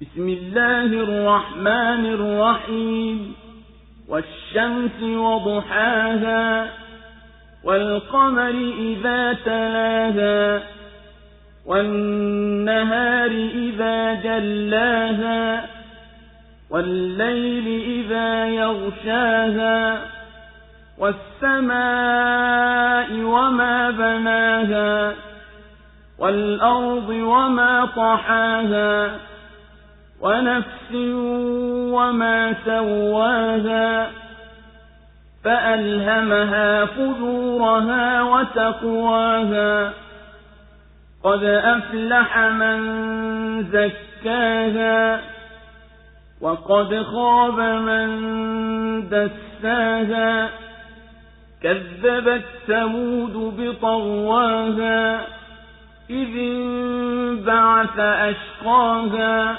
بسم الله الرحمن الرحيم والشمس وضحاها والقمر إذا تلاها والنهار إذا جلاها والليل إذا يغشاها والسماء وما بناها والأرض وما طحاها ونفس وما سواها فألهمها فجورها وتقواها قد أفلح من زكاها وقد خاب من دساها كذبت ثمود بطواها إذ انبعث أشقاها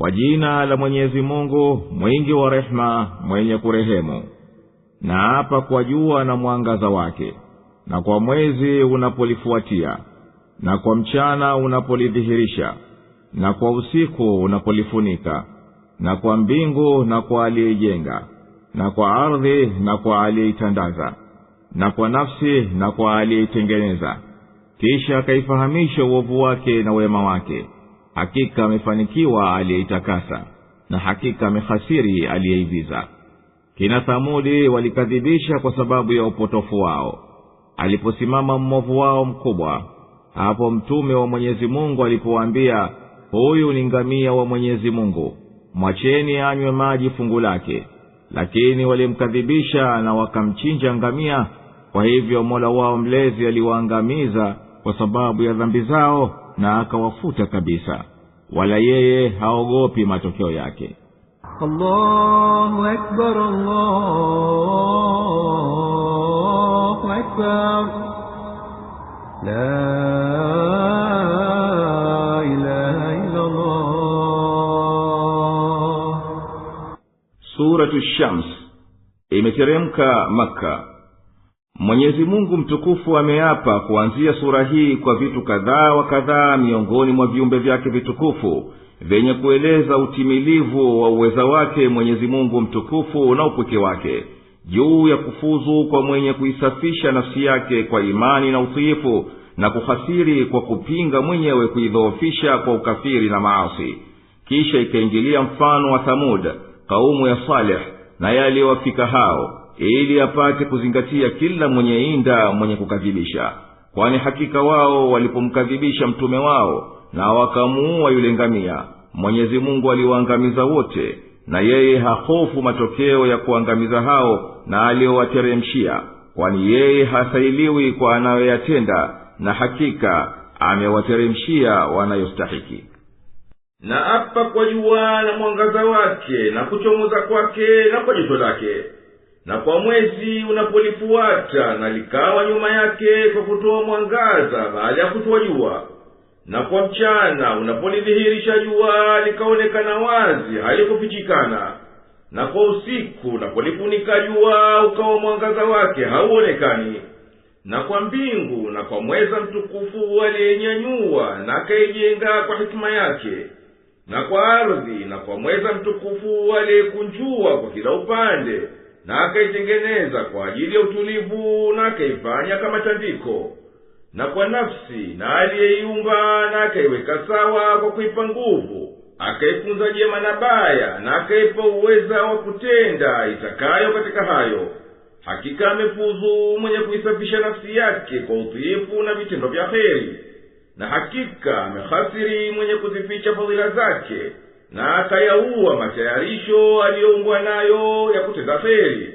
kwa jina la mwenyezi mungu mwingi wa rehema mwenye kurehemu na hapa kwa jua na mwangaza wake na kwa mwezi unapolifuatia na kwa mchana unapolidhihirisha na kwa usiku unapolifunika na kwa mbingu na kwa aliyeijenga na kwa ardhi na kwa aliyeitandaza na kwa nafsi na kwa aliyeitengeneza kisha akaifahamisha uovu wake na wema wake hakika amefanikiwa aliyeitakasa na hakika amehasiri aliyeiviza kina thamudi walikadhibisha kwa sababu ya upotofu wao aliposimama mmovu wao mkubwa hapo mtume wa mwenyezi mungu alipowaambia huyu ni ngamia wa mwenyezi mungu mwacheni anywe maji fungu lake lakini walimkadhibisha na wakamchinja ngamia kwa hivyo mola wao mlezi aliwaangamiza kwa sababu ya dhambi zao na akawafuta kabisa wala yeye haogopi matokeo yake allahu akbar, allahu akbar. La ilaha illa Allah. Suratu Shams imeteremka Makka mwenyezi mungu mtukufu ameapa kuanzia sura hii kwa vitu kadhaa wa kadhaa miongoni mwa viumbe vyake vitukufu vyenye kueleza utimilivu wa uweza wake mwenyezi mungu mtukufu na upweke wake juu ya kufuzu kwa mwenye kuisafisha nafsi yake kwa imani na utiifu na kuhasiri kwa kupinga mwenyewe kuidhoofisha kwa ukafiri na maasi kisha ikaingilia mfano wa thamud kaumu ya saleh na yaliyowafika hao ili apate kuzingatia kila mwenye inda mwenye kukadhibisha kwani hakika wao walipomkadhibisha mtume wao na wakamuua yule ngamia mwenyezi mungu aliwaangamiza wote na yeye hahofu matokeo ya kuangamiza hao na aliyowateremshia kwani yeye hasailiwi kwa anayoyatenda na hakika amewateremshia wanayostahiki na apa kwa juwa na mwangaza wake na kuchomoza kwake na kwa joto lake na kwa mwezi unapolifuata na likawa nyuma yake kwa kutoa mwangaza baada ya kutoa jua na kwa mchana unapolidhihirisha jua likaonekana wazi halikufichikana na kwa usiku unapolifunika jua ukawa mwangaza wake hauonekani na kwa mbingu na kwa mweza mtukufu aliyenyanyuwa na akaijenga kwa hikima yake na kwa ardhi na kwa mweza mtukufu aliyekunjuwa kwa kila upande na akaitengeneza kwa ajili ya utulivu na akaifanya kama tandiko na kwa nafsi na aliyeiumba na akaiweka sawa kwa kuipa nguvu akaifunza jema na baya na akaipa uweza wa kutenda itakayo katika hayo hakika amefuzu mwenye kuisafisha nafsi yake kwa utiifu na vitendo vya heri na hakika amehasiri mwenye kuzificha fadhila zake na akayaua matayarisho aliyoungwa nayo ya kutenda feri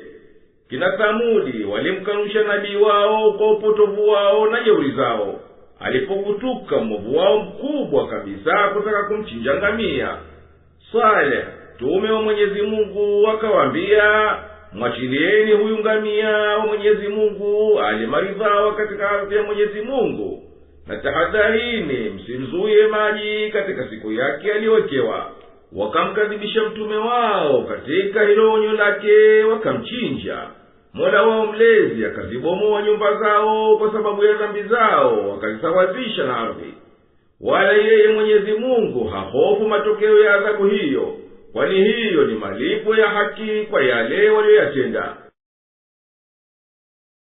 kina samudi walimkanusha nabii wao kwa upotovu wao na jeuri zao alipokutuka mwovu wao mkubwa kabisa kutaka kumchinja ngamia swale tume wa mwenyezi mungu akawaambia mwachilieni huyu ngamia wa mwenyezi mungu aliyemaridhawa katika ardhi ya mwenyezi mungu na tahadharini msimzuye maji katika siku yake aliyowekewa wakamkadhibisha mtume wao katika hilo onyo lake wakamchinja mola wao mlezi akazibomoa nyumba zao kwa sababu ya dhambi zao wakazisawazisha na ardhi wala yeye mwenyezi mungu hahofu matokeo ya adhabu hiyo kwani hiyo ni malipo ya haki kwa yale waliyoyatenda